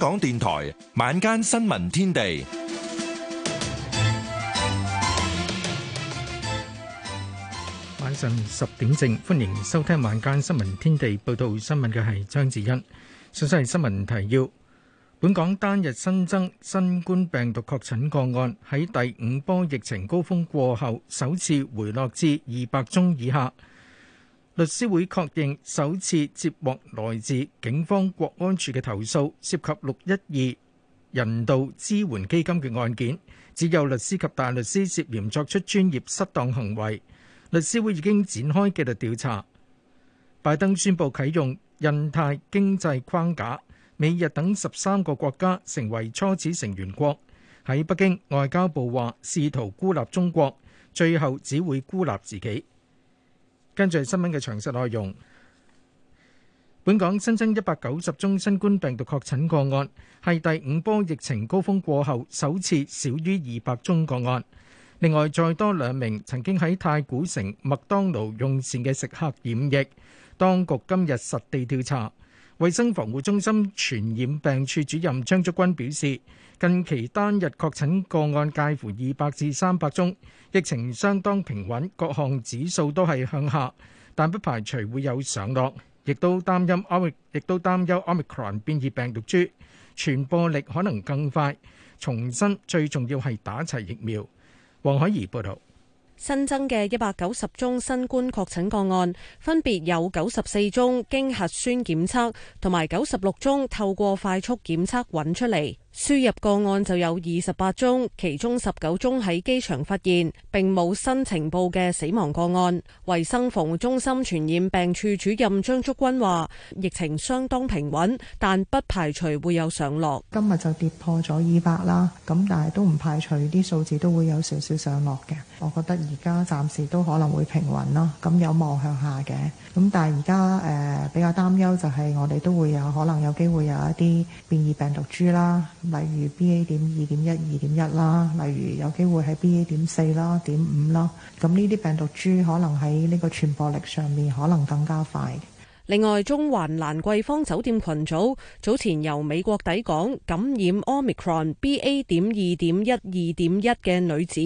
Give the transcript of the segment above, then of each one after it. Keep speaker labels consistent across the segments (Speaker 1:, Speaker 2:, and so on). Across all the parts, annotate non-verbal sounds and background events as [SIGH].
Speaker 1: 香港電台晚間
Speaker 2: 新聞天地，晚上十點正，歡迎收聽晚間新聞天地，報道新聞嘅係張智欣。首先係新聞提要：本港單日新增新冠病毒確診個案喺第五波疫情高峰過後首次回落至二百宗以下。律師會確認首次接獲來自警方國安處嘅投訴，涉及六一二人道支援基金嘅案件，只有律師及大律師涉嫌作出專業失當行為。律師會已經展開紀律調查。拜登宣布啟用印太經濟框架，美日等十三個國家成為初始成員國。喺北京，外交部話試圖孤立中國，最後只會孤立自己。跟住新聞嘅詳細內容，本港新增一百九十宗新冠病毒確診個案，係第五波疫情高峰過後首次少於二百宗個案。另外，再多兩名曾經喺太古城麥當勞用膳嘅食客染疫，當局今日實地調查。衛生防護中心傳染病處主任張竹君表示，近期單日確診個案介乎二百至三百宗，疫情相當平穩，各項指數都係向下，但不排除會有上落，亦都擔心 omic 亦都擔憂 omicron 變異病毒株傳播力可能更快，重申最重要係打齊疫苗。黃海怡報道。
Speaker 3: 新增嘅一百九十宗新冠確診個案，分別有九十四宗經核酸檢測，同埋九十六宗透過快速檢測揾出嚟。輸入個案就有二十八宗，其中十九宗喺機場發現，並冇新情報嘅死亡個案。衛生防護中心傳染病處主任張竹君話，疫情相當平穩，但不排除會有上落。今日就跌破咗
Speaker 4: 二百啦，咁但係都唔排除啲數字都會有少少上落嘅。我覺得而家暫時都可能會平穩囉，咁有望向下嘅。咁但係而家誒比較擔憂就係我哋都會有可能有機會有一啲變異病毒株啦。例如 BA 點二點一、二點一啦，例如有機會係 BA 點四啦、點五啦，咁呢啲病毒株可能喺呢個傳播力上面可能更加快。
Speaker 3: 另外，中環蘭桂坊酒店群組早前由美國抵港感染 Omicron BA. 點二點一二點一嘅女子，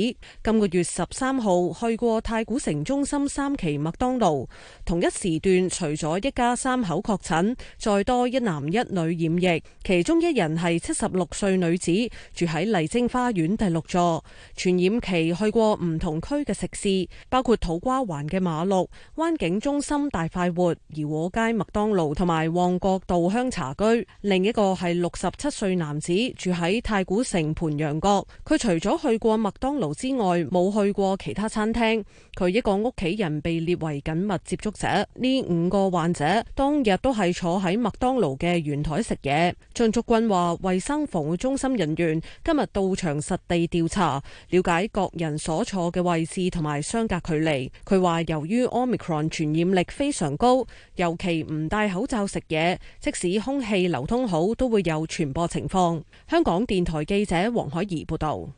Speaker 3: 今個月十三號去過太古城中心三期麥當勞，同一時段除咗一家三口確診，再多一男一女染疫，其中一人係七十六歲女子，住喺麗晶花園第六座，傳染期去過唔同區嘅食肆，包括土瓜灣嘅馬六、灣景中心大快活、怡和街麥當勞同埋旺角稻香茶居，另一個係六十七歲男子住喺太古城盤陽角。佢除咗去過麥當勞之外，冇去過其他餐廳。佢一個屋企人被列為緊密接觸者。呢五個患者當日都係坐喺麥當勞嘅圓台食嘢。張竹君話，衛生防護中心人員今日到場實地調查，了解各人所坐嘅位置同埋相隔距離。佢話，由於 omicron 傳染力非常高，尤其唔戴口罩食嘢，即使空氣流通好，都會有傳播情況。香港電台記者黃海怡報導。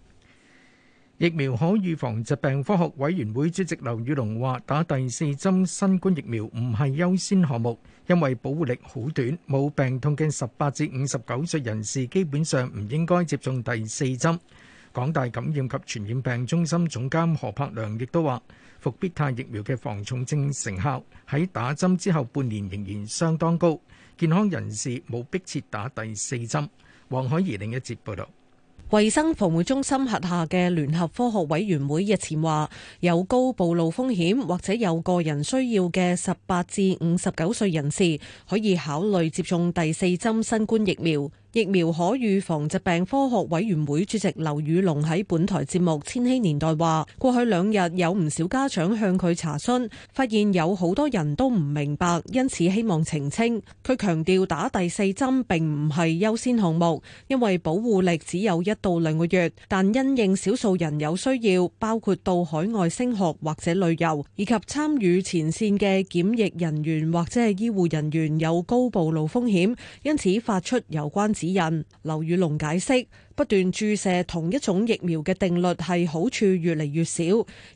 Speaker 2: 疫苗可預防疾病科學委員會主席劉宇龍話：打第四針新冠疫苗唔係優先項目，因為保護力好短。冇病痛嘅十八至五十九歲人士基本上唔應該接種第四針。港大感染及傳染病中心總監何柏良亦都話。復必泰疫苗嘅防重症成效喺打針之後半年仍然相當高，健康人士冇逼切打第四針。黃海怡另一節報道。
Speaker 3: 衛生防護中心轄下嘅聯合科學委員會日前話，有高暴露風險或者有個人需要嘅十八至五十九歲人士可以考慮接種第四針新冠疫苗。疫苗可預防疾病科學委員會主席劉宇龍喺本台節目《千禧年代》話：過去兩日有唔少家長向佢查詢，發現有好多人都唔明白，因此希望澄清。佢強調打第四針並唔係優先項目，因為保護力只有一到兩個月。但因應少數人有需要，包括到海外升學或者旅遊，以及參與前線嘅檢疫人員或者係醫護人員有高暴露風險，因此發出有關指。指人劉宇龍解釋。不斷注射同一種疫苗嘅定律係好處越嚟越少，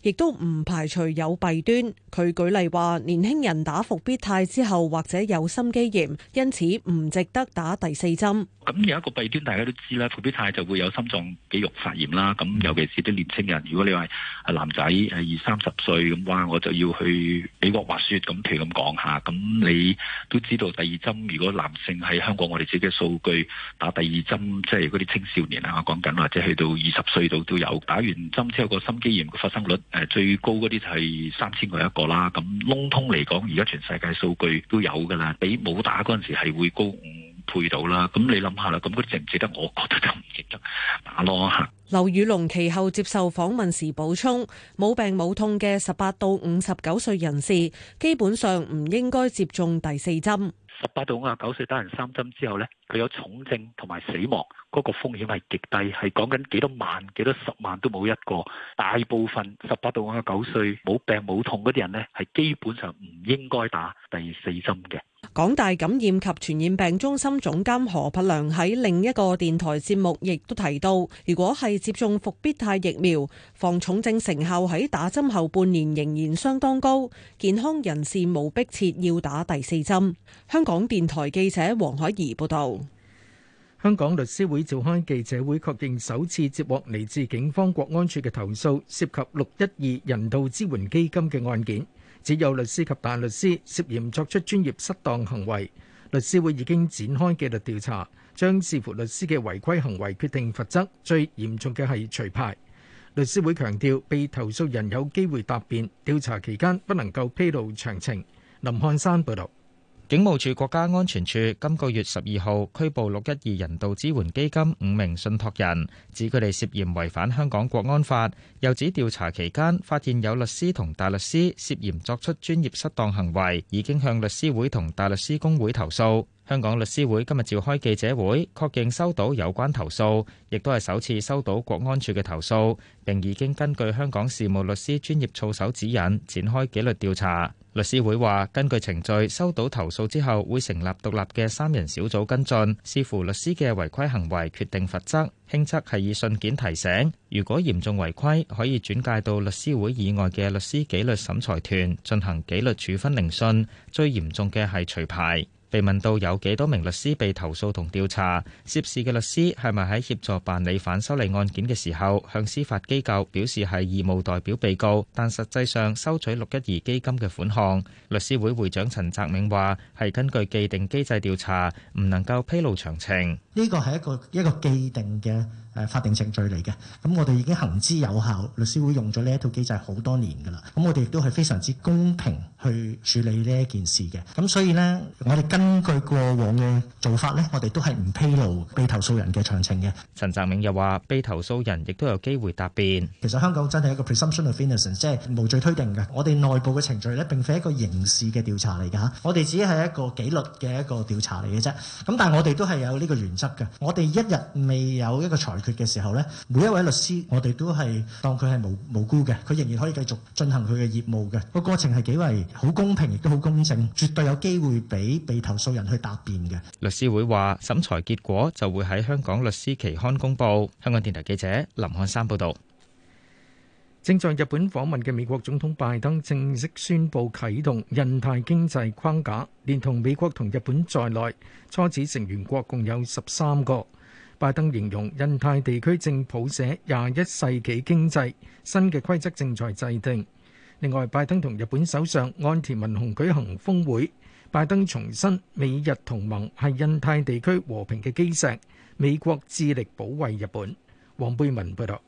Speaker 3: 亦都唔排除有弊端。佢舉例話，年輕人打復必泰之後或者有心肌炎，因此唔值得打第四針。
Speaker 5: 咁有一個弊端大家都知啦，復必泰就會有心臟肌肉發炎啦。咁尤其是啲年輕人，如果你話係男仔係二三十歲咁哇，我就要去美國滑雪咁，譬如咁講下。咁你都知道第二針如果男性喺香港，我哋自己嘅數據打第二針，即係嗰啲青少年。年啊，我講緊或者去到二十歲度都有打完針之後個心肌炎嘅發生率，誒最高嗰啲就係三千個一個啦。咁籠統嚟講，而家全世界數據都有噶啦，比冇打嗰陣時係會高五倍度啦。咁你諗下啦，咁佢值唔值得？我覺得就唔值得打咯。
Speaker 3: 劉宇龍其後接受訪問時補充：冇病冇痛嘅十八到五十九歲人士，基本上唔應該接種第四針。
Speaker 5: 十八到五十九歲打完三針之後呢，佢有重症同埋死亡。嗰個風險係極低，係講緊幾多萬、幾多十萬都冇一個。大部分十八到九歲冇病冇痛嗰啲人呢，係基本上唔應該打第四針嘅。
Speaker 3: 港大感染及傳染病中心總監何柏良喺另一個電台節目亦都提到，如果係接種復必泰疫苗，防重症成效喺打針後半年仍然相當高，健康人士無迫切要打第四針。香港電台記者黃海怡報道。
Speaker 2: 香港律師會召開記者會，確認首次接獲嚟自警方國安處嘅投訴，涉及六一二人道支援基金嘅案件，只有律師及大律師涉嫌作出專業失當行為。律師會已經展開紀律調查，將視乎律師嘅違規行為決定罰則，最嚴重嘅係除牌。律師會強調，被投訴人有機會答辯，調查期間不能夠披露詳情。林漢山報導。警務處國
Speaker 6: 家安全處今個月十二號拘捕六一二人道支援基金五名信託人，指佢哋涉嫌違反香港國安法。又指調查期間發現有律師同大律師涉嫌作出專業失當行為，已經向律師會同大律師公會投訴。香港律師會今日召開記者會，確認收到有關投訴，亦都係首次收到國安處嘅投訴，並已經根據香港事務律師專業操守指引展開紀律調查。律師會話，根據程序，收到投訴之後會成立獨立嘅三人小組跟進，視乎律師嘅違規行為決定罰則。輕則係以信件提醒，如果嚴重違規，可以轉介到律師會以外嘅律師紀律審裁團進行紀律處分聆訊。最嚴重嘅係除牌。被問到有幾多名律師被投訴同調查，涉事嘅律師係咪喺協助辦理反修例案件嘅時候，向司法機構表示係義務代表被告，但實際上收取六一二基金嘅款項？律師會會長陳澤銘話：係根據既定機制調查，唔能夠披露詳情。
Speaker 7: 呢個係一個一個既定嘅。法定程序嚟嘅，咁我哋已經行之有效，律師會用咗呢一套機制好多年㗎啦。咁我哋亦都係非常之公平去處理呢一件事嘅。咁所以呢，我哋根據過往嘅做法呢，我哋都係唔披露被投訴人嘅詳情嘅。
Speaker 6: 陳澤銘又話：被投訴人亦都有機會答辯。
Speaker 7: 其實香港真係一個 presumption of innocence，即係無罪推定嘅。我哋內部嘅程序呢，並非一個刑事嘅調查嚟㗎吓，我哋只係一個紀律嘅一個調查嚟嘅啫。咁但係我哋都係有呢個原則嘅。我哋一日未有一個裁。嘅時候呢，每一位律師，我哋都係當佢係無無辜嘅，佢仍然可以繼續進行佢嘅業務嘅。個過程係幾為好公平，亦都好公正，絕對有機會俾被投訴
Speaker 2: 人去答辯
Speaker 6: 嘅。律師會話審裁結果就會喺香港律師期刊公佈。香港電台記者林漢山報導。
Speaker 2: 正在日本訪問嘅美國總統拜登正式宣布啟動印太經濟框架，連同美國同日本在內，初始成員國共有十三個。拜登形容印太地區正譜寫廿一世紀經濟新嘅規則正在制定。另外，拜登同日本首相岸田文雄舉行峰會，拜登重申美日同盟係印太地區和平嘅基石，美國致力保衛日本。黃貝文報道。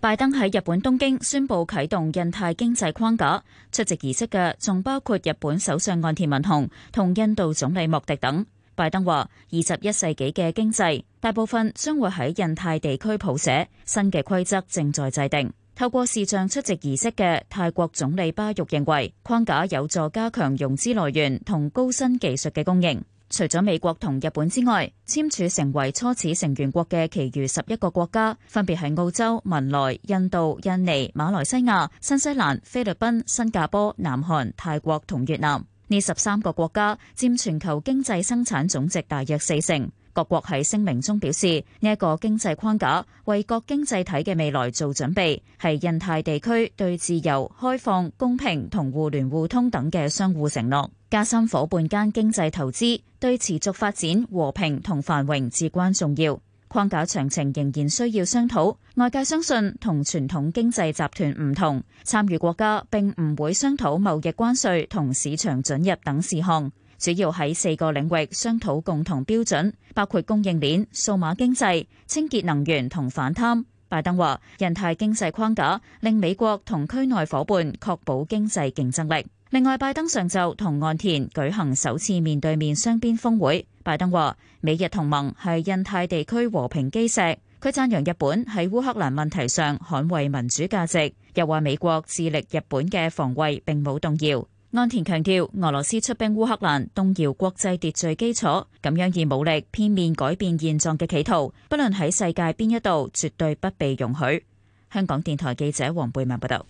Speaker 8: 拜登喺日本東京宣布啟動印太經濟框架，出席儀式嘅仲包括日本首相岸田文雄同印度總理莫迪等。拜登話：二十一世紀嘅經濟大部分將會喺印太地區譜寫，新嘅規則正在制定。透過視像出席儀式嘅泰國總理巴育認為，框架有助加強融資來源同高新技術嘅供應。除咗美國同日本之外，簽署成為初始成員國嘅其餘十一個國家，分別係澳洲、文萊、印度、印尼、馬來西亞、新西蘭、菲律賓、新加坡、南韓、泰國同越南。呢十三個國家佔全球經濟生產總值大約四成，各國喺聲明中表示，呢一個經濟框架為各經濟體嘅未來做準備，係印太地區對自由、開放、公平同互聯互通等嘅相互承諾，加深伙伴間經濟投資，對持續發展、和平同繁榮至關重要。框架詳情仍然需要商討，外界相信同傳統經濟集團唔同，參與國家並唔會商討貿易關稅同市場准入等事項，主要喺四個領域商討共同標準，包括供應鏈、數碼經濟、清潔能源同反貪。拜登話：印太經濟框架令美國同區內伙伴確保經濟競爭力。另外，拜登上晝同岸田舉行首次面對面雙邊峰會。拜登話：美日同盟係印太地區和平基石。佢讚揚日本喺烏克蘭問題上捍衛民主價值，又話美國致力日本嘅防衛並冇動搖。岸田強調，俄羅斯出兵烏克蘭，動搖國際秩序基礎，咁樣以武力片面改變現狀嘅企圖，不論喺世界邊一度，絕對不被容許。香港電台記者黃貝文報道。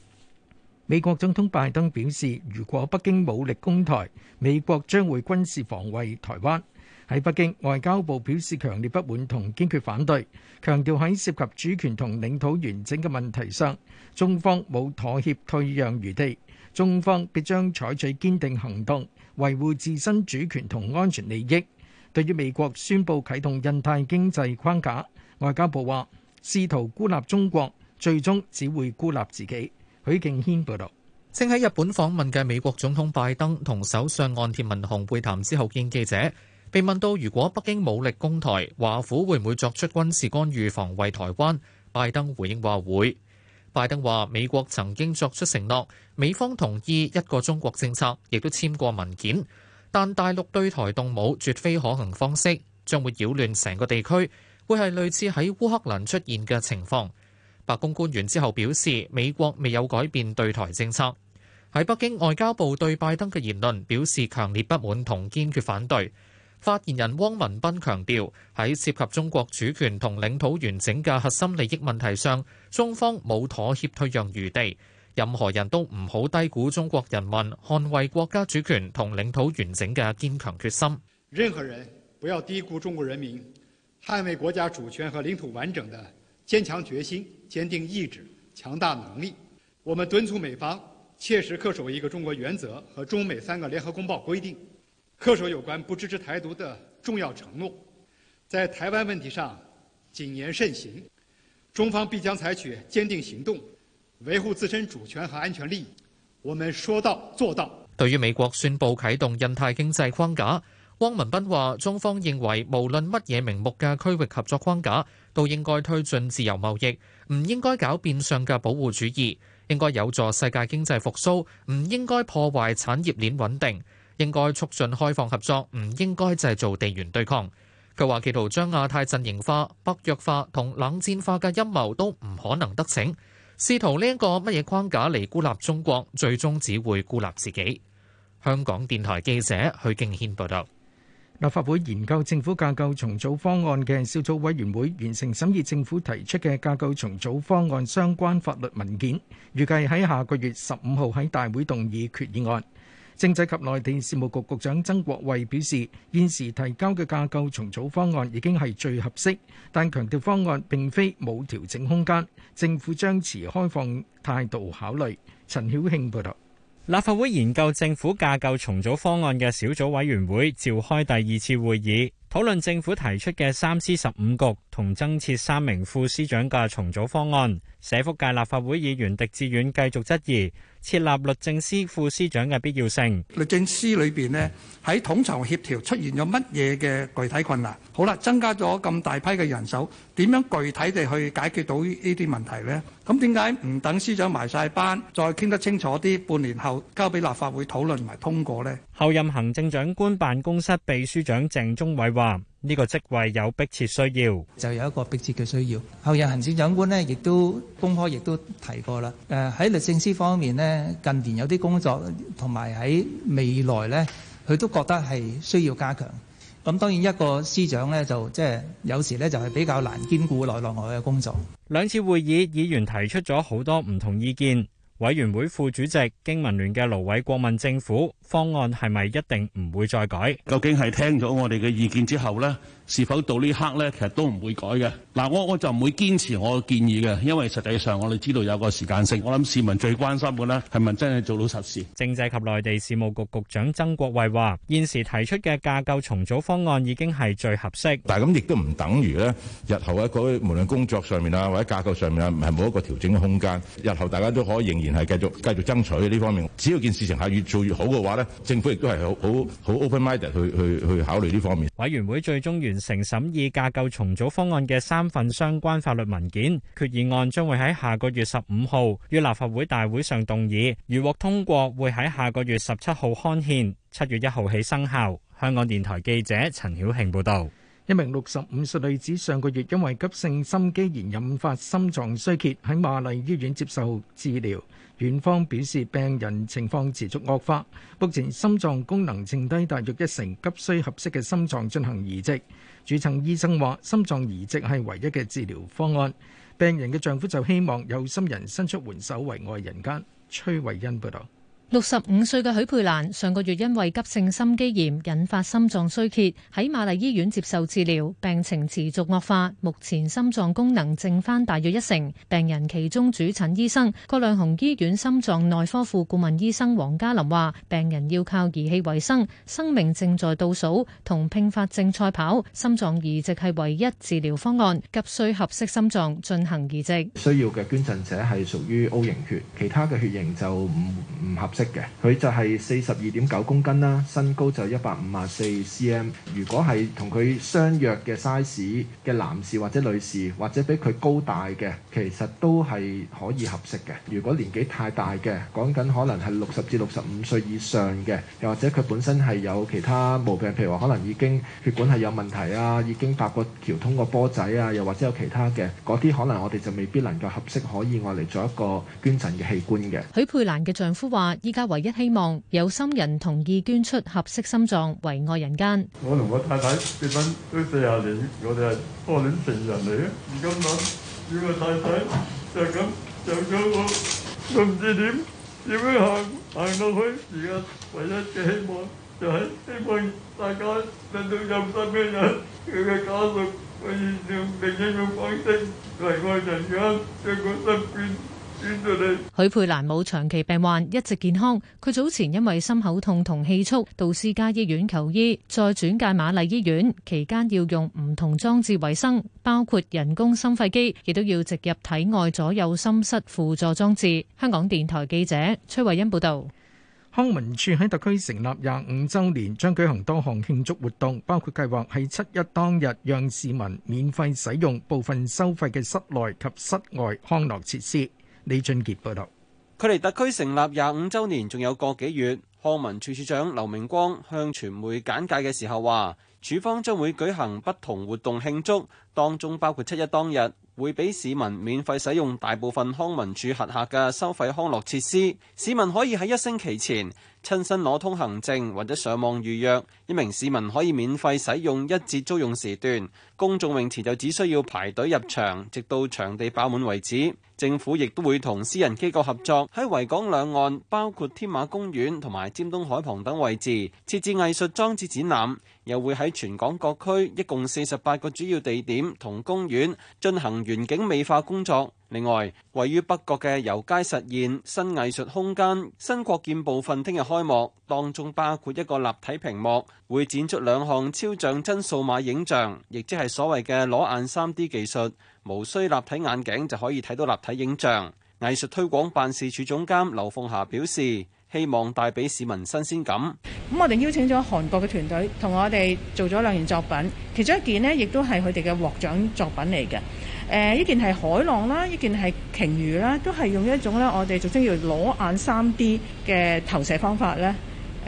Speaker 8: 美國總統拜登表示，如果北京武力攻台，美國將會軍事防衛
Speaker 2: 台灣。喺北京，外交部表示強烈不滿同堅決反對，強調喺涉及主權同領土完整嘅問題上，中方冇妥協退讓餘地，中方必將採取堅定行動，維護自身主權同安全利益。對於美國宣布啟動印太經濟框架，外交部話試圖孤立中國，最終只會孤立自己。許敬軒報道，
Speaker 1: 正喺日本訪問嘅美國總統拜登同首相岸田文雄會談之後見記者，被問到如果北京武力攻台，華府會唔會作出軍事干預防衛台灣？拜登回應話會。拜登話美國曾經作出承諾，美方同意一個中國政策，亦都簽過文件，但大陸對台動武絕非可行方式，將會擾亂成個地區，會係類似喺烏克蘭出現嘅情況。白宮官員之後表示，美國未有改變對台政策。喺北京，外交部對拜登嘅言論表示強烈不滿同堅決反對。發言人汪文斌強調，喺涉及中國主權同領土完整嘅核心利益問題上，中方冇妥協退讓餘地，任何人都唔好低估中國人民捍衛國家主權同領土完整嘅堅強決心。
Speaker 7: 任何人不要低估中國人民捍衛國家主權和領土完整的。堅強決心、堅定意志、強大能力，我們敦促美方
Speaker 9: 切實恪守一個中國原則和中美三個聯合公報規定，恪守有關不支持台
Speaker 7: 獨的重要承諾，在台灣問題上謹言慎行，中方必將採取堅定行動，維護自身主權和安全利益。
Speaker 1: 我們說到做到。對於美國宣布啟動印太經濟框架，汪文斌話，中方認為無論乜嘢名目嘅區域合作框架，都應該推進自由貿易，唔應該搞變相嘅保護主義，應該有助世界經濟復甦，唔應該破壞產業鏈穩定，應該促進開放合作，唔應該製造地緣對抗。佢話，企圖將亞太陣營化、北約化同冷戰化嘅陰謀都唔可能得逞，試圖呢一個乜嘢框架嚟孤立中國，最終只會孤立自己。香港電台記者許敬軒報道。
Speaker 2: 立法會研究政府架構重組方案嘅小組委員會完成審議政府提出嘅架構重組方案相關法律文件，預計喺下個月十五號喺大會動議決議案。政制及內地事務局局長曾國衛表示，現時提交嘅架構重組方案已經係最合適，但強調方案並非冇調整空間，政府將持開放態度考慮。陳曉慶報道。
Speaker 7: 立法會研究政府架構重組方案嘅小組委員會召開第二次會議，討論政府提出嘅三司十五局同增設三名副司長嘅重組方案。社福界立法會議員狄志遠繼續質疑設立律政司副司長嘅必要性。律政司裏邊呢，喺統籌協調出現咗乜嘢嘅具體困難？好啦，增加咗咁大批嘅人手。點樣具體地去解決到呢啲問題呢？咁點解唔等司長埋晒班，再傾得清楚啲，半年後交俾立法會討論埋通過呢？後任行政長官辦公室秘書長鄭中偉話呢個職位有迫切需要，就有一個迫切嘅需要，
Speaker 6: 後任行政長官呢亦都公開亦都提過啦。咁當然一個司長呢，就即係有時呢，就係比較難兼顧內內外嘅工作。兩
Speaker 7: 次會議，議員提出咗好多唔同意見。委員會副主席經民聯嘅盧偉國問政府：方案係咪一定唔會再改？究竟係聽咗我哋嘅意見之後呢？」是否到呢刻呢？其實都唔會改嘅。嗱，我我就唔會堅持我嘅建議嘅，因為實際上我哋知道有個時間性。我諗市民最關心嘅呢，係咪真係做到實事？政制及內地事務局局局長曾國衛話：現時提出嘅架構重組方案已經係最合適。但係咁亦都唔等於呢，日後喺嗰、嗰個、無論工作上面啊，或者架構上面啊，唔係冇一個調整嘅空間。日後大家都可以仍然係繼續繼續爭取呢方面。只要件事情係越做越好嘅話呢，政府亦都係好好好 open minded 去去去考慮呢方面。委員會最終完成審議架構重組方案嘅三份相關法律文件決議案，將會喺下個月十五號於立法會大會上動議，如獲通過，會喺下個月十七號刊憲，七月一號起生效。香港電台記者
Speaker 2: 陳曉慶報道。一名六十五歲女子上個月因為急性心肌炎引發心臟衰竭，喺瑪麗醫院接受治療。院方表示，病人情況持續惡化，目前心臟功能剩低大約一成，急需合適嘅心臟進行移植。主診醫生話：心臟移植係唯一嘅治療方案。病人嘅丈夫就希望有心人伸出援手，為愛人間，崔慧欣報道。
Speaker 10: 六十五歲嘅許佩蘭上個月因為急性心肌炎引發心臟衰竭，喺瑪麗醫院接受治療，病情持續惡化，目前心臟功能剩翻大約一成。病人其中主診醫生、葛量洪醫院心臟內科副顧問醫生黃嘉林話：病人要靠儀器維生，生命正在倒數，同並發症賽跑，心臟移植係唯一治療方案，急需合適心臟進行移植。
Speaker 2: 需要嘅捐贈者係屬於 O 型血，其他嘅血型就唔唔
Speaker 7: 合適。嘅佢就係四十二點九公斤啦，身高就一百五啊四 cm。如果係同佢相若嘅 size 嘅男士或者女士，或者比佢高大嘅，其實都係可以合適嘅。如果年紀太大嘅，講緊可能係六十至六十五歲以上嘅，又或者佢本身係有其他毛病，譬如話可能已經血管係有問題啊，已經搭過橋、通過波仔啊，又或者有其他嘅嗰啲，可能我哋就未必能夠合適可以我嚟做一個捐贈嘅器官嘅。
Speaker 10: 許佩蘭嘅丈夫話。依家唯一希望有心人同意捐出合適心臟，為愛人間。
Speaker 6: 我同我太太結婚都四十年，我哋係初戀情人嚟嘅。而家諗，
Speaker 11: 如果太太就咁就走咗，我唔知點點樣行行到去。而家唯一嘅希望就係希望大家揾到有心嘅人，佢嘅家屬可以用另一種方式嚟愛人家喺我身邊。
Speaker 10: 許佩蘭冇長期病患，一直健康。佢早前因為心口痛同氣促，到私家醫院求醫，再轉介瑪麗醫院。期間要用唔同裝置維生，包括人工心肺機，亦都要植入體外左右心室輔助裝置。香港電台記者崔慧欣報道。
Speaker 2: 康文署喺特區成立廿五周年，將舉行多項慶祝活動，包括計劃喺七一當日讓市民免費使用部分收費嘅室內及室外康樂設施。李俊傑報道，
Speaker 12: 距離特區成立廿五周年仲有個幾月，康文署署長劉明光向傳媒簡介嘅時候話，處方將會舉行不同活動慶祝，當中包括七一當日會俾市民免費使用大部分康文署轄下嘅收費康樂設施。市民可以喺一星期前親身攞通行證或者上網預約，一名市民可以免費使用一節租用時段。公眾泳池就只需要排隊入場，直到場地爆滿為止。政府亦都會同私人機構合作，喺維港兩岸，包括天馬公園同埋尖東海旁等位置設置藝術裝置展覽，又會喺全港各區一共四十八個主要地點同公園進行園景美化工作。另外，位於北角嘅油街實現新藝術空間新擴建部分，聽日開幕，當中包括一個立體屏幕，會展出兩項超像真數碼影像，亦即係所謂嘅裸眼三 D 技術。無需立體眼鏡就可以睇到立體影像。藝術推廣辦事處總監劉鳳霞表示，希望帶俾市民新鮮感。
Speaker 3: 咁我哋邀請咗韓國嘅團隊同我哋做咗兩件作品，其中一件呢，亦都係佢哋嘅獲獎作品嚟嘅。誒、呃，呢件係海浪啦，呢件係鯨魚啦，都係用一種咧我哋俗稱叫裸眼三 D 嘅投射方法咧。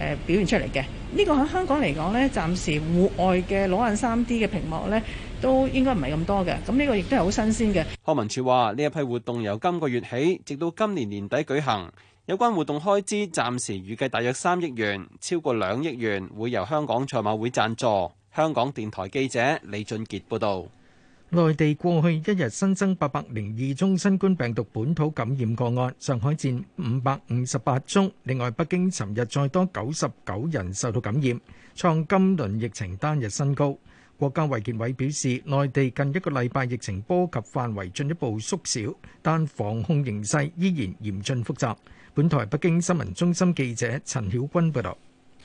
Speaker 3: 誒，表現出嚟嘅呢個喺香港嚟講呢，暫時戶外嘅裸眼 3D 嘅屏幕呢，都應該唔係咁多嘅。咁、這、呢個亦都係好新鮮嘅。康
Speaker 12: 文署話呢一批活動由今個月起，直到今年年底舉行。有關活動開支暫時預計大約三億元，超過兩億元會由香港賽馬會贊助。香港電台記者李俊傑報導。
Speaker 2: 內地過去一日新增八百零二宗新冠病毒本土感染個案，上海佔五百五十八宗。另外，北京尋日再多九十九人受到感染，創今輪疫情單日新高。國家衛健委表示，內地近一個禮拜疫情波及範圍進一步縮小，但防控形勢依然嚴峻複雜。本台北京新聞中心記者陳曉君報道。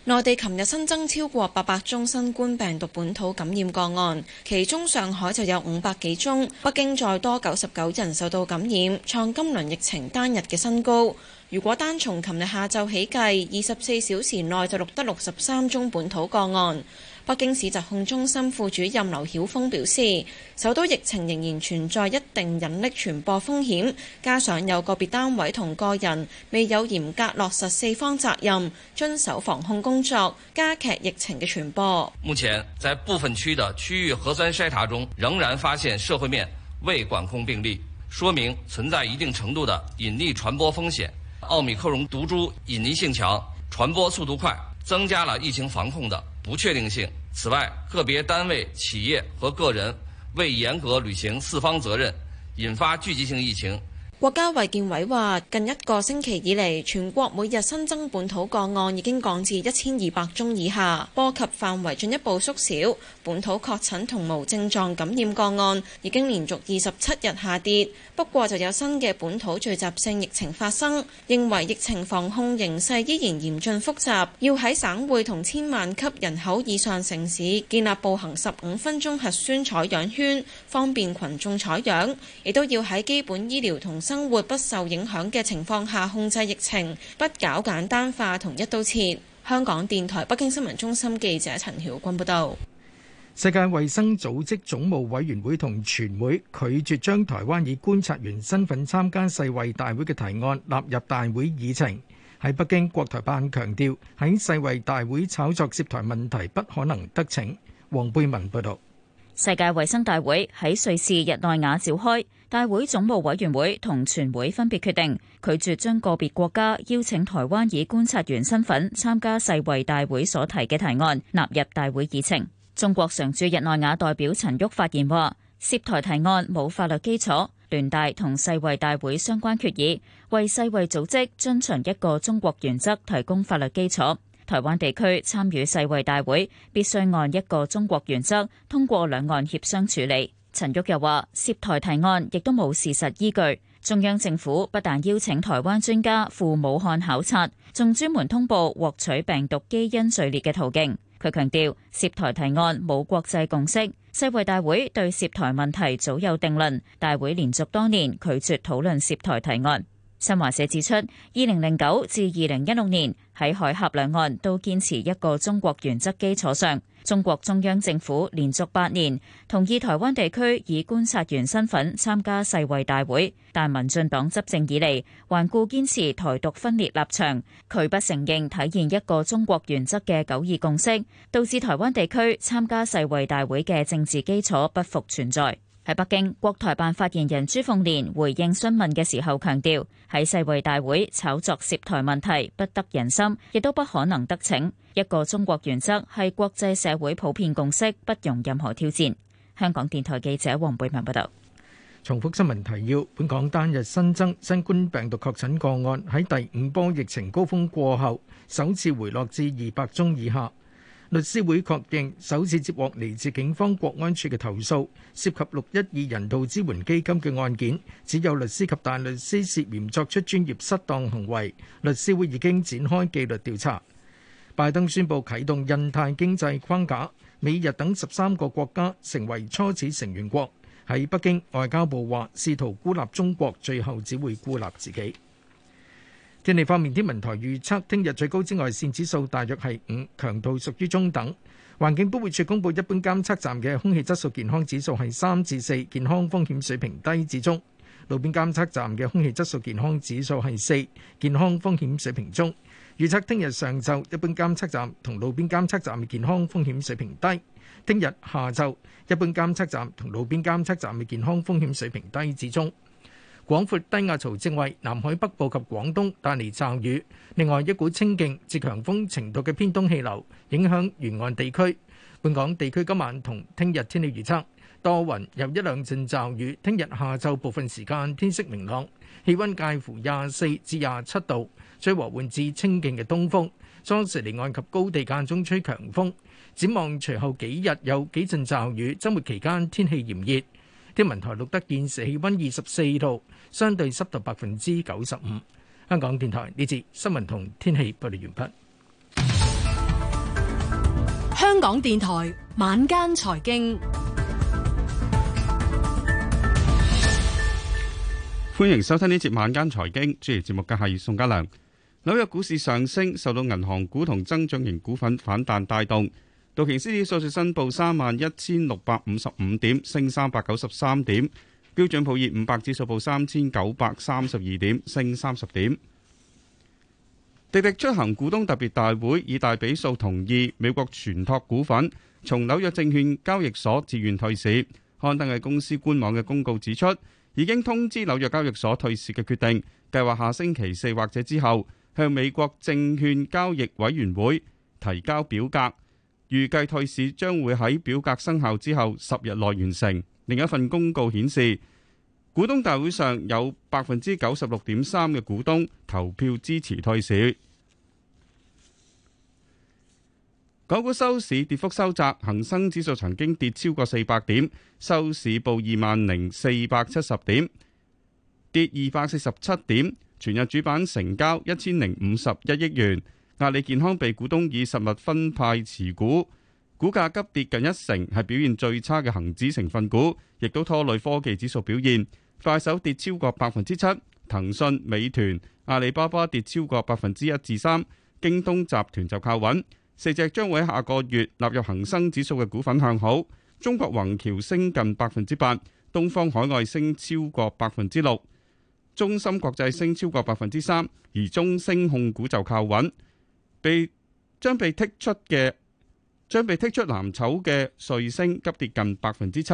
Speaker 13: 內地琴日新增超過八百宗新冠病毒本土感染個案，其中上海就有五百幾宗，北京再多九十九人受到感染，創今輪疫情單日嘅新高。如果單從琴日下晝起計，二十四小時內就錄得六十三宗本土個案。北京市疾控中心副主任劉曉峰表示，首都疫情仍然存在一定隱匿傳播風險，加上有個別單位同個人未有嚴格落實四方責任，遵守防控工作，加劇疫情嘅傳播。
Speaker 14: 目前，在部分區的區域核酸篩查中，仍然發現社會面未管控病例，說明存在一定程度的隱匿傳播風險。奧米克戎毒株隱匿性強，傳播速度快，增加了疫情防控的。不確定性。此外，個別單位、企業和個人未嚴格履行四方責任，引發聚集性疫情。
Speaker 13: 國家衛健委話，近一個星期以嚟，全國每日新增本土個案已經降至一千二百宗以下，波及範圍進一步縮小。本土確診同無症狀感染個案已經連續二十七日下跌。不過就有新嘅本土聚集性疫情發生，認為疫情防控形勢依然嚴峻複雜，要喺省會同千萬級人口以上城市建立步行十五分鐘核酸採樣圈，方便群眾採樣，亦都要喺基本醫療同。生活不受影響嘅情況下控制疫情，不搞簡單化同一刀切。香港電台北京新聞中心記者陳曉君報道。
Speaker 2: 世界衛生組織總務委員會同全會拒絕將台灣以觀察員身份參加世衛大會嘅提案納入大會議程。喺北京，國台辦強調，喺世衛大會炒作涉台問題不可能得逞。黃貝文報道。
Speaker 8: 世界衛生大會喺瑞士日內瓦召開。大會總務委員會同全會分別決定，拒絕將個別國家邀請台灣以觀察員身份參加世衛大會所提嘅提案納入大會議程。中國常駐日內瓦代表陳旭發言話，涉台提案冇法律基礎，聯大同世衛大會相關決議為世衛組織遵循一個中國原則提供法律基礎。台灣地區參與世衛大會，必須按一個中國原則通過兩岸協商處理。陳玉又話：涉台提案亦都冇事實依據，中央政府不但邀請台灣專家赴武漢考察，仲專門通報獲取病毒基因序列嘅途徑。佢強調，涉台提案冇國際共識，世衛大會對涉台問題早有定論，大會連續多年拒絕討論涉台提案。新華社指出，二零零九至二零一六年喺海峽兩岸都堅持一個中國原則基礎上，中國中央政府連續八年同意台灣地區以觀察員身份參加世衛大會，但民進黨執政以嚟，頑固堅持台獨分裂立場，拒不承認體現一個中國原則嘅九二共識，導致台灣地區參加世衛大會嘅政治基礎不復存在。喺北京，國台辦發言人朱鳳蓮回應詢問嘅時候強調，喺世衛大會炒作涉台問題，不得人心，亦都不可能得逞。一個中國原則係國際社會普遍共識，不容任何挑戰。香港電台記者黃貝文報道。
Speaker 2: 重複新聞提要：本港單日新增新冠病毒確診個案喺第五波疫情高峰過後，首次回落至二百宗以下。律師會確認首次接獲嚟自警方國安處嘅投訴，涉及六一二人道支援基金嘅案件，只有律師及大律師涉嫌作出專業失當行為，律師會已經展開紀律調查。拜登宣布啟動印太經濟框架，美日等十三個國家成為初始成員國。喺北京，外交部話試圖孤立中國，最後只會孤立自己。天氣方面，天文台預測聽日最高紫外線指數大約係五，強度屬於中等。環境保護署公布一般監測站嘅空氣質素健康指數係三至四，健康風險水平低至中。路邊監測站嘅空氣質素健康指數係四，健康風險水平中。預測聽日上晝一般監測站同路邊監測站嘅健康風險水平低。聽日下晝一般監測站同路邊監測站嘅健康風險水平低至中。廣闊低壓槽正為南海北部及廣東，帶嚟驟雨。另外一股清勁至強風程度嘅偏東氣流，影響沿岸地區。本港地區今晚同聽日天氣預測，多雲有一兩陣驟雨，聽日下晝部分時間天色明朗。天文台錄得現時氣溫二十四度，相對濕度百分之九十五。嗯、香港電台呢節新聞同天氣報道完畢。
Speaker 3: 香港電台晚間財經，
Speaker 9: 歡迎收聽呢節晚間財經。主持節目嘅係宋家良。紐約股市上升，受到銀行股同增長型股份反彈帶動。道瓊斯指數申報，三萬一千六百五十五點，升三百九十三點。標準普爾五百指數報三千九百三十二點，升三十點。滴滴出行股東特別大會以大比數同意美國存託股份從紐約證券交易所自願退市。刊登喺公司官網嘅公告指出，已經通知紐約交易所退市嘅決定，計劃下星期四或者之後向美國證券交易委員會提交表格。預計退市將會喺表格生效之後十日內完成。另一份公告顯示，股東大會上有百分之九十六點三嘅股東投票支持退市。港股 [NOISE] 收市跌幅收窄，恒生指數曾經跌超過四百點，收市報二萬零四百七十點，跌二百四十七點。全日主板成交一千零五十一億元。阿里健康被股東以實物分派持股，股價急跌近一成，係表現最差嘅恒指成分股，亦都拖累科技指數表現。快手跌超過百分之七，騰訊、美團、阿里巴巴跌超過百分之一至三，京東集團就靠穩。四隻將會喺下個月納入恒生指數嘅股份向好。中國宏橋升近百分之八，東方海外升超過百分之六，中芯國際升超過百分之三，而中升控股就靠穩。被將被剔出嘅，將被剔出藍籌嘅瑞星急跌近百分之七，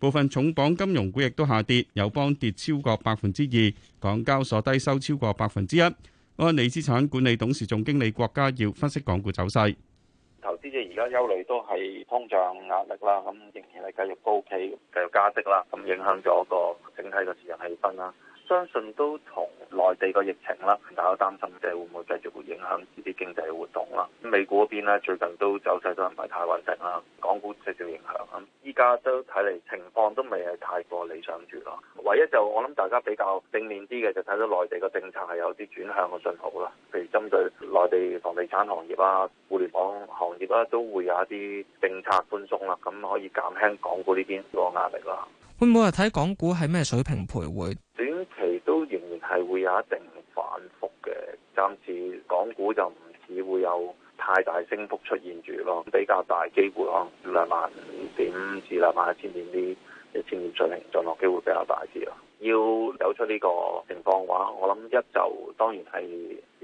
Speaker 9: 部分重磅金融股亦都下跌，友邦跌超過百分之二，港交所低收超過百分之一。安理資產管理董事總經理郭家耀分析港股走勢：，
Speaker 5: 投資者而家憂慮都係通脹壓力啦，咁仍然係繼續高企，繼續加息啦，咁影響咗個整體嘅市場氣氛啦。相信都同內地個疫情啦，大家都擔心即係會唔會繼續影響呢啲經濟活動啦。美股嗰邊咧，最近都走勢都唔係太穩定啦，港股有少少影響。咁依家都睇嚟情況都未係太過理想住咯。唯一就我諗大家比較正面啲嘅，就睇到內地個政策係有啲轉向嘅信號啦。譬如針對內地房地產行業啦、互聯網行業啦，都會有一啲政策寬鬆啦，咁可以減輕港股呢邊個壓力啦。
Speaker 14: 會唔會係睇港股係咩水平徘徊？
Speaker 5: 短期都仍然係會有一定反覆嘅，暫時港股就唔止會有太大升幅出現住咯，比較大機會可能兩萬五點至啦，兩萬一千點啲一千點進進落機會比較大啲咯。要扭出呢個情況嘅話，我諗一就當然係。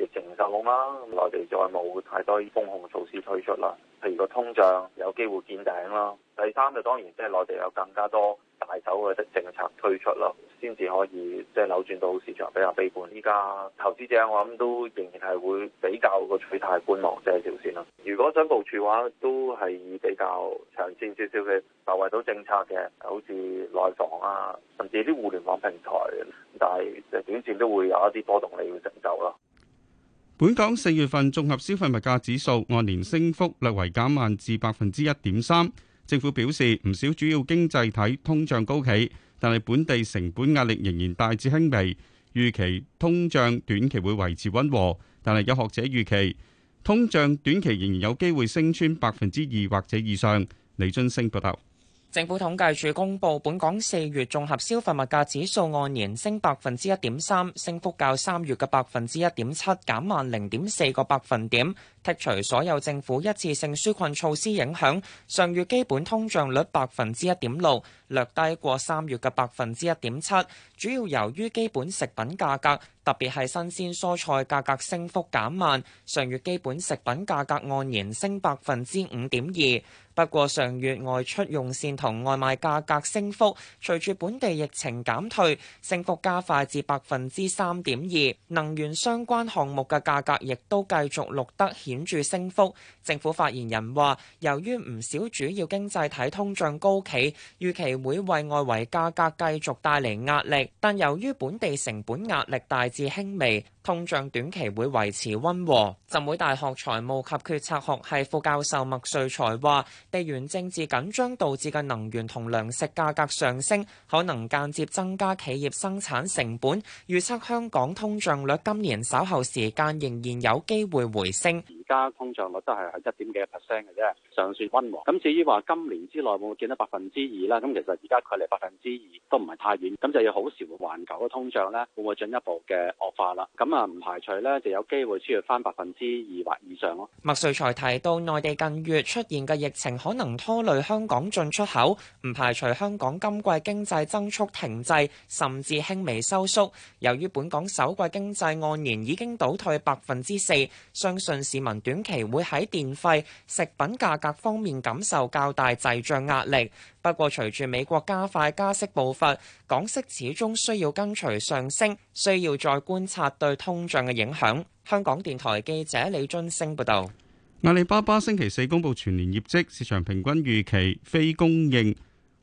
Speaker 5: 疫情受控啦，內地再冇太多封控措施推出啦，譬如個通脹有機會見頂啦。第三就當然即係內地有更加多大手嘅政策推出咯，先至可以即係扭轉到市場比較悲觀。依家投資者我諗都仍然係會比較個取態觀望，即係咁先啦。如果想部署嘅話，都係以比較長線少少嘅受惠到政策嘅，好似內房啊，甚至啲互聯網平台。但係就短線都會有一啲波動，你要承受咯。
Speaker 9: 本港四月份綜合消費物價指數按年升幅略為減慢至百分之一點三。政府表示，唔少主要經濟體通脹高企，但係本地成本壓力仍然大致輕微，預期通脹短期會維持溫和。但係有學者預期，通脹短期仍然有機會升穿百分之二或者以上。李津星報道。
Speaker 4: 政府統計處公布，本港四月綜合消費物價指數按年升百分之一點三，升幅較三月嘅百分之一點七減慢零點四個百分點。剔除所有政府一次性紓困措施影響，上月基本通脹率百分之一點六，略低過三月嘅百分之一點七，主要由於基本食品價格，特別係新鮮蔬菜價格升幅減慢。上月基本食品價格按年升百分之五點二。不過，上月外出用膳同外賣價格升幅，隨住本地疫情減退，升幅加快至百分之三點二。能源相關項目嘅價格亦都繼續錄得顯著升幅。政府發言人話，由於唔少主要經濟體通脹高企，預期會為外圍價格繼續帶嚟壓力，但由於本地成本壓力大致輕微。通脹短期會維持溫和。浸會大學財務及決策學系副教授麥瑞才話：地緣政治緊張導致嘅能源同糧食價格上升，可能間接增加企業生產成本。預測香港通脹率今年稍後時間仍然有機會回升。
Speaker 5: 加通脹率都係係一點幾 percent 嘅啫，尚算溫和。咁至於話今年之內會唔會見到百分之二啦？咁其實而家距離百分之二都唔係太遠，咁就要好時會環球嘅通脹呢，會唔會進一步嘅惡化啦？咁啊，唔排除呢就有機會超越翻百分之二或以上咯。
Speaker 4: 麥瑞才提到，內地近月出現嘅疫情可能拖累香港進出口，唔排除香港今季經濟增速停滯甚至輕微收縮。由於本港首季經濟按年已經倒退百分之四，相信市民，短期會喺電費、食品價格方面感受較大滯脹壓力。不過，隨住美國加快加息步伐，港息始終需要跟隨上升，需要再觀察對通脹嘅影響。香港電台記者李津星報導。
Speaker 9: 阿里巴巴星期四公布全年業績，市場平均預期非公認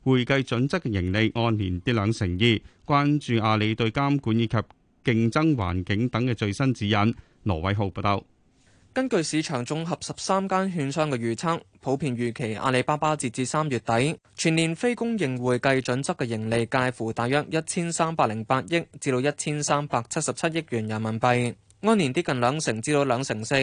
Speaker 9: 會計準則嘅盈利按年跌兩成二。關注阿里對監管以及競爭環境等嘅最新指引。羅偉浩報導。
Speaker 14: 根據市場綜合十三間券商嘅預測，普遍預期阿里巴巴截至三月底全年非公認會計準則嘅盈利介乎大約一千三百零八億至到一千三百七十七億元人民幣，按年跌近兩成至到兩成四，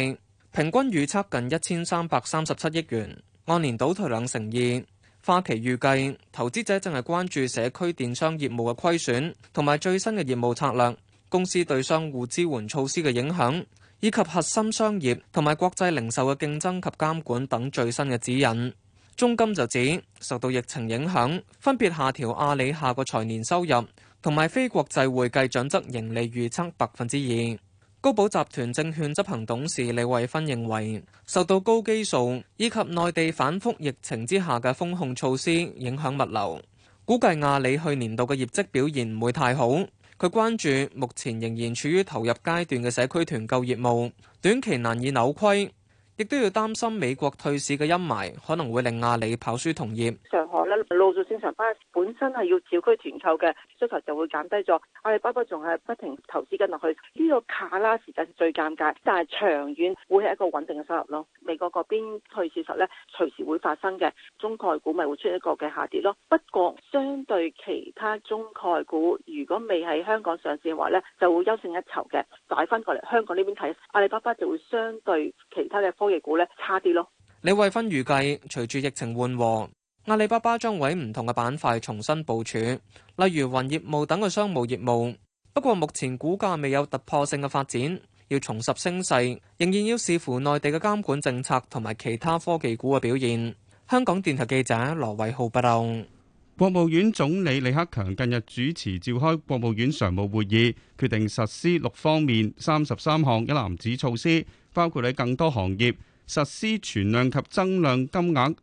Speaker 14: 平均預測近一千三百三十七億元，按年倒退兩成二。花旗預計投資者正係關注社區電商業務嘅虧損同埋最新嘅業務策略，公司對商戶支援措施嘅影響。以及核心商業同埋國際零售嘅競爭及監管等最新嘅指引。中金就指受到疫情影響，分別下調阿里下個財年收入同埋非國際會計準則盈利預測百分之二。高寶集團證券執行董事李慧芬認為，受到高基數以及內地反覆疫情之下嘅封控措施影響物流，估計阿里去年度嘅業績表現唔會太好。佢關注目前仍然處於投入階段嘅社區團購業務，短期難以扭虧。亦都要擔心美國退市嘅陰霾，可能會令阿里跑輸同業。
Speaker 3: 上海咧老做正常，班，本身係要小區團購嘅需求就會減低咗。阿里巴巴仲係不停投資緊落去，呢、這個卡啦時間最尷尬，但係長遠會係一個穩定嘅收入咯。美國嗰邊退市實咧隨時會發生嘅，中概股咪會出一個嘅下跌咯。不過相對其他中概股，如果未喺香港上市嘅話咧，就會優勝一籌嘅。擺翻過嚟香港呢邊睇，阿里巴巴就會相對。
Speaker 14: 其他嘅科技股咧差啲咯。李慧芬預計隨住疫情緩和，阿里巴巴將會喺唔同嘅板塊重新部署，例如雲業務等嘅商務業務。不過目前股價未有突破性嘅發展，要重拾升勢，仍然要視乎內地嘅監管政策同埋其他科技股嘅表現。香港電台記者羅偉浩報道。國務院總理李克強近日主持召開國務院
Speaker 9: 常務會議，決定實施六方面三十三項一攬子措施，包括喺更，更多行業實施存量及增量金額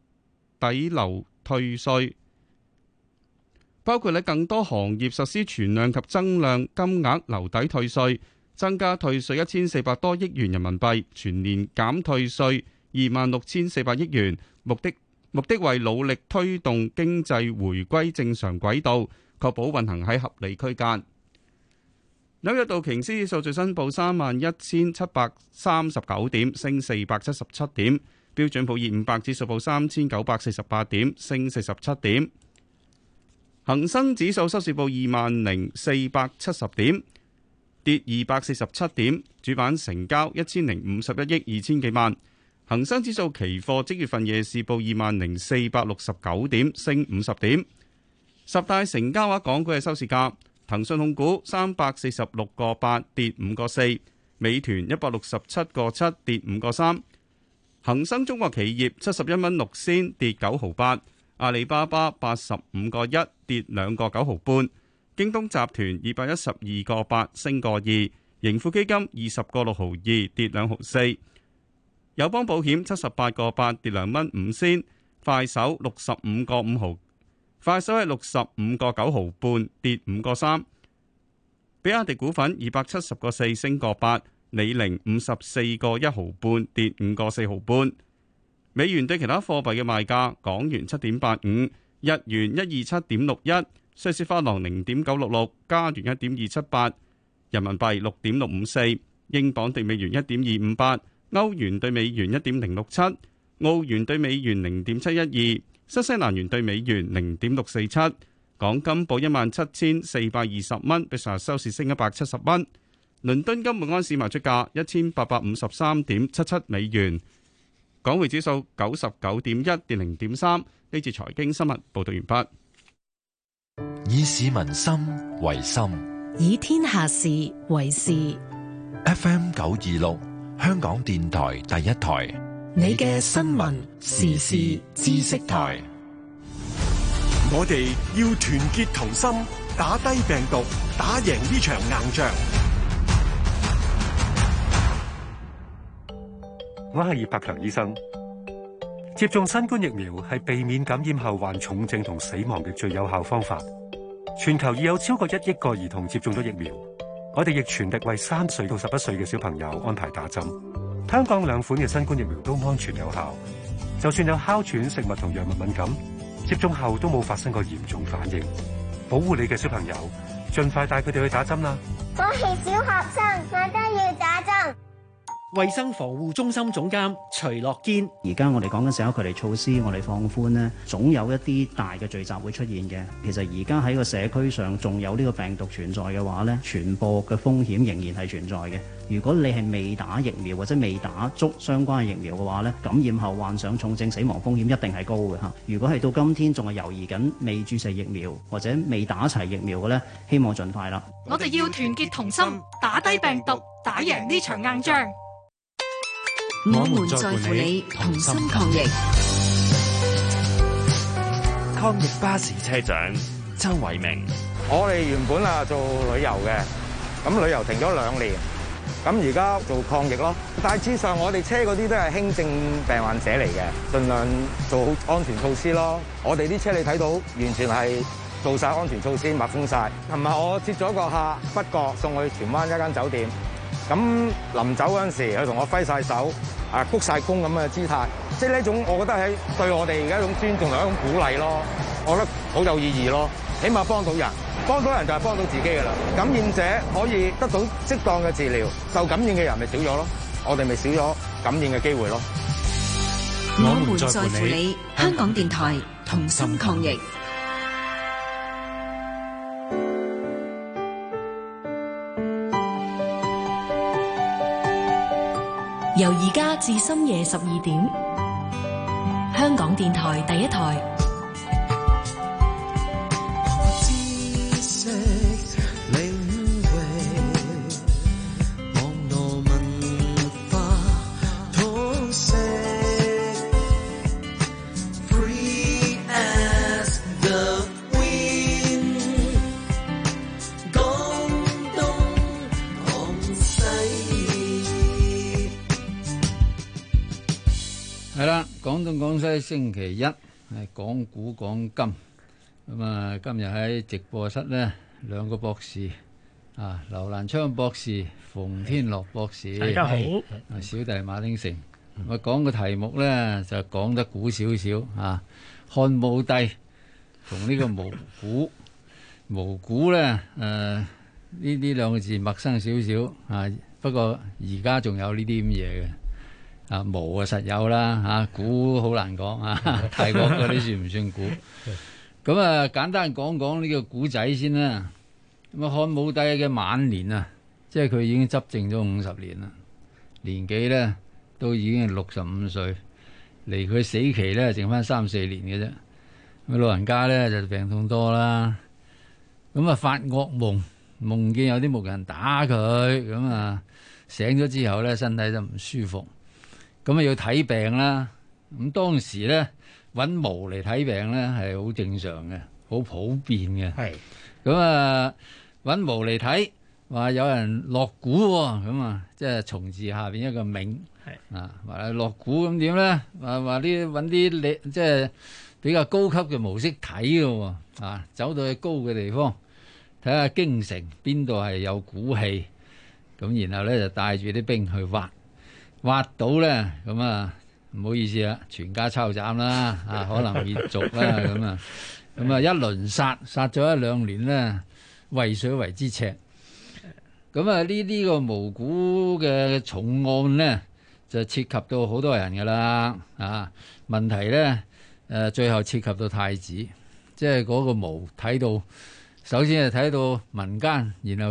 Speaker 9: 抵留退稅，包括喺更多行業實施存量及增量金額留抵退稅，增加退稅一千四百多億元人民幣，全年減退稅二萬六千四百億元，目的。目的為努力推動經濟回歸正常軌道，確保運行喺合理區間。紐約道瓊斯指數最新報三萬一千七百三十九點，升四百七十七點；標準普爾五百指數報三千九百四十八點，升四十七點；恒生指數收市報二萬零四百七十點，跌二百四十七點。主板成交一千零五十一億二千幾萬。恆生指數期貨即月份夜市報二萬零四百六十九點，升五十點。十大成交額港股嘅收市價：騰訊控股三百四十六個八，跌五個四；美團一百六十七個七，跌五個三；恆生中國企業七十一蚊六仙，跌九毫八；阿里巴巴八十五個一，跌兩個九毫半；京東集團二百一十二個八，升個二；盈富基金二十個六毫二，跌兩毫四。友邦保險七十八個八，跌兩蚊五仙，快手六十五個五毫，快手係六十五個九毫半，跌五個三，比亞迪股份二百七十個四，升個八，李寧五十四個一毫半，跌五個四毫半。美元對其他貨幣嘅賣價，港元七點八五，日元一二七點六一，瑞士法郎零點九六六，加元一點二七八，人民幣六點六五四，英鎊兌美元一點二五八。歐元對美元一點零六七，澳元對美元零點七一二，新西蘭元對美元零點六四七。港金報一萬七千四百二十蚊，比上日收市升一百七十蚊。倫敦金每安士賣出價一千八百五十三點七七美元。港匯指數九十九點一跌零點三。呢次財
Speaker 7: 經新聞報道完畢。以市民心為心，
Speaker 10: 以天下事為事。
Speaker 7: F.M. 九二六。香港電台第一台，
Speaker 10: 你嘅新聞時事
Speaker 7: 知識台。我哋要團結同心，打低病毒，打贏呢場硬仗。我係葉柏強醫生，接種新冠疫苗係避免感染後患重症同死亡嘅最有效方法。全球已有超過一億個兒童接種咗疫苗。我哋亦全力為三歲到十一歲嘅小朋友安排打針。香港兩款嘅新冠疫苗都安全有效，就算有哮喘、食物同藥物敏感，接種後都冇發生過嚴重反應。保護你嘅小朋友，盡快帶佢哋去打針啦！
Speaker 6: 我係小學生，我都要打針。衛生防護中心總監徐樂堅：而家我哋講緊社交距離措施，我哋放寬呢，總有一啲大嘅聚集會出現嘅。其實而家喺個社區上仲有呢個病毒存在嘅話呢，傳播嘅風險仍然係存在嘅。如果你係未打疫苗或者未打足相關疫苗嘅話呢，感染後患上重症死亡風險一定係高嘅吓。如果係到今天仲係猶豫緊未注射疫苗或者未打齊疫苗嘅呢，希望盡快啦。
Speaker 10: 我哋要團結同心，打低病毒，打贏呢場硬仗。
Speaker 12: 我們在乎你
Speaker 10: 同心抗疫。
Speaker 6: 抗疫巴士車長周偉明，我哋原本啊做旅遊嘅，咁旅遊停咗兩年，咁而家做抗疫咯。大致上，我哋車嗰啲都係輕症病患者嚟嘅，盡量做好安全措施咯。我哋啲車你睇到，完全係做晒安全措施，密封晒。同埋我接咗個客，北角送去荃灣一間酒店。咁臨走嗰陣時，佢同我揮晒手，啊鞠曬躬咁嘅姿態，即係呢一種，我覺得係對我哋而家一種尊重同一種鼓勵咯。我覺得好有意義咯，起碼幫到人，幫到人就係幫到自己噶啦。感染者可以得到適當嘅治療，受感染嘅人咪少咗咯，我哋咪少咗感染嘅機會咯。
Speaker 13: 我們在乎你，香港電台同心抗疫。
Speaker 10: 由而家至深夜十二點，香港電台第一台。
Speaker 11: 喺星期一係講古講今，咁啊今日喺直播室咧，兩個博士啊，劉瀾昌博士、馮天樂博士，大家好，小弟馬鼎盛，我講嘅題目咧就講得古少少啊，漢武帝同呢個蒙古蒙古咧誒，呢呢兩個字陌生少少啊，不過而家仲有呢啲咁嘢嘅。啊，冇啊，實有啦，嚇，估好難講啊。泰國嗰啲算唔算估？咁 [LAUGHS] 啊，簡單講講呢個故仔先啦。咁啊，漢武帝嘅晚年啊，即係佢已經執政咗五十年啦，年紀咧都已經係六十五歲，離佢死期咧剩翻三四年嘅啫。咁老人家咧就病痛多啦，咁啊發惡夢，夢見有啲木人打佢，咁啊醒咗之後咧身體就唔舒服。咁啊要睇病啦，咁當時咧揾毛嚟睇病咧係好正常嘅，好普遍嘅。係，咁啊揾毛嚟睇，話有人落蠱咁啊，即係蟲字下邊一個皿。係啊，話落蠱咁點咧？話話啲揾啲你即係比較高級嘅模式睇嘅喎，啊走到去高嘅地方，睇下京城邊度係有蠱氣，咁然後咧就帶住啲兵去挖。挖到咧，咁啊唔好意思啊，全家抄斬啦，啊 [LAUGHS] 可能滅族啦咁啊，咁啊一輪殺殺咗一兩年咧，渭水為之赤。咁啊呢呢個無故嘅重案咧，就涉及到好多人噶啦，啊問題咧，誒，最後涉及到太子，即係個無睇到，首先係睇到民間，然後。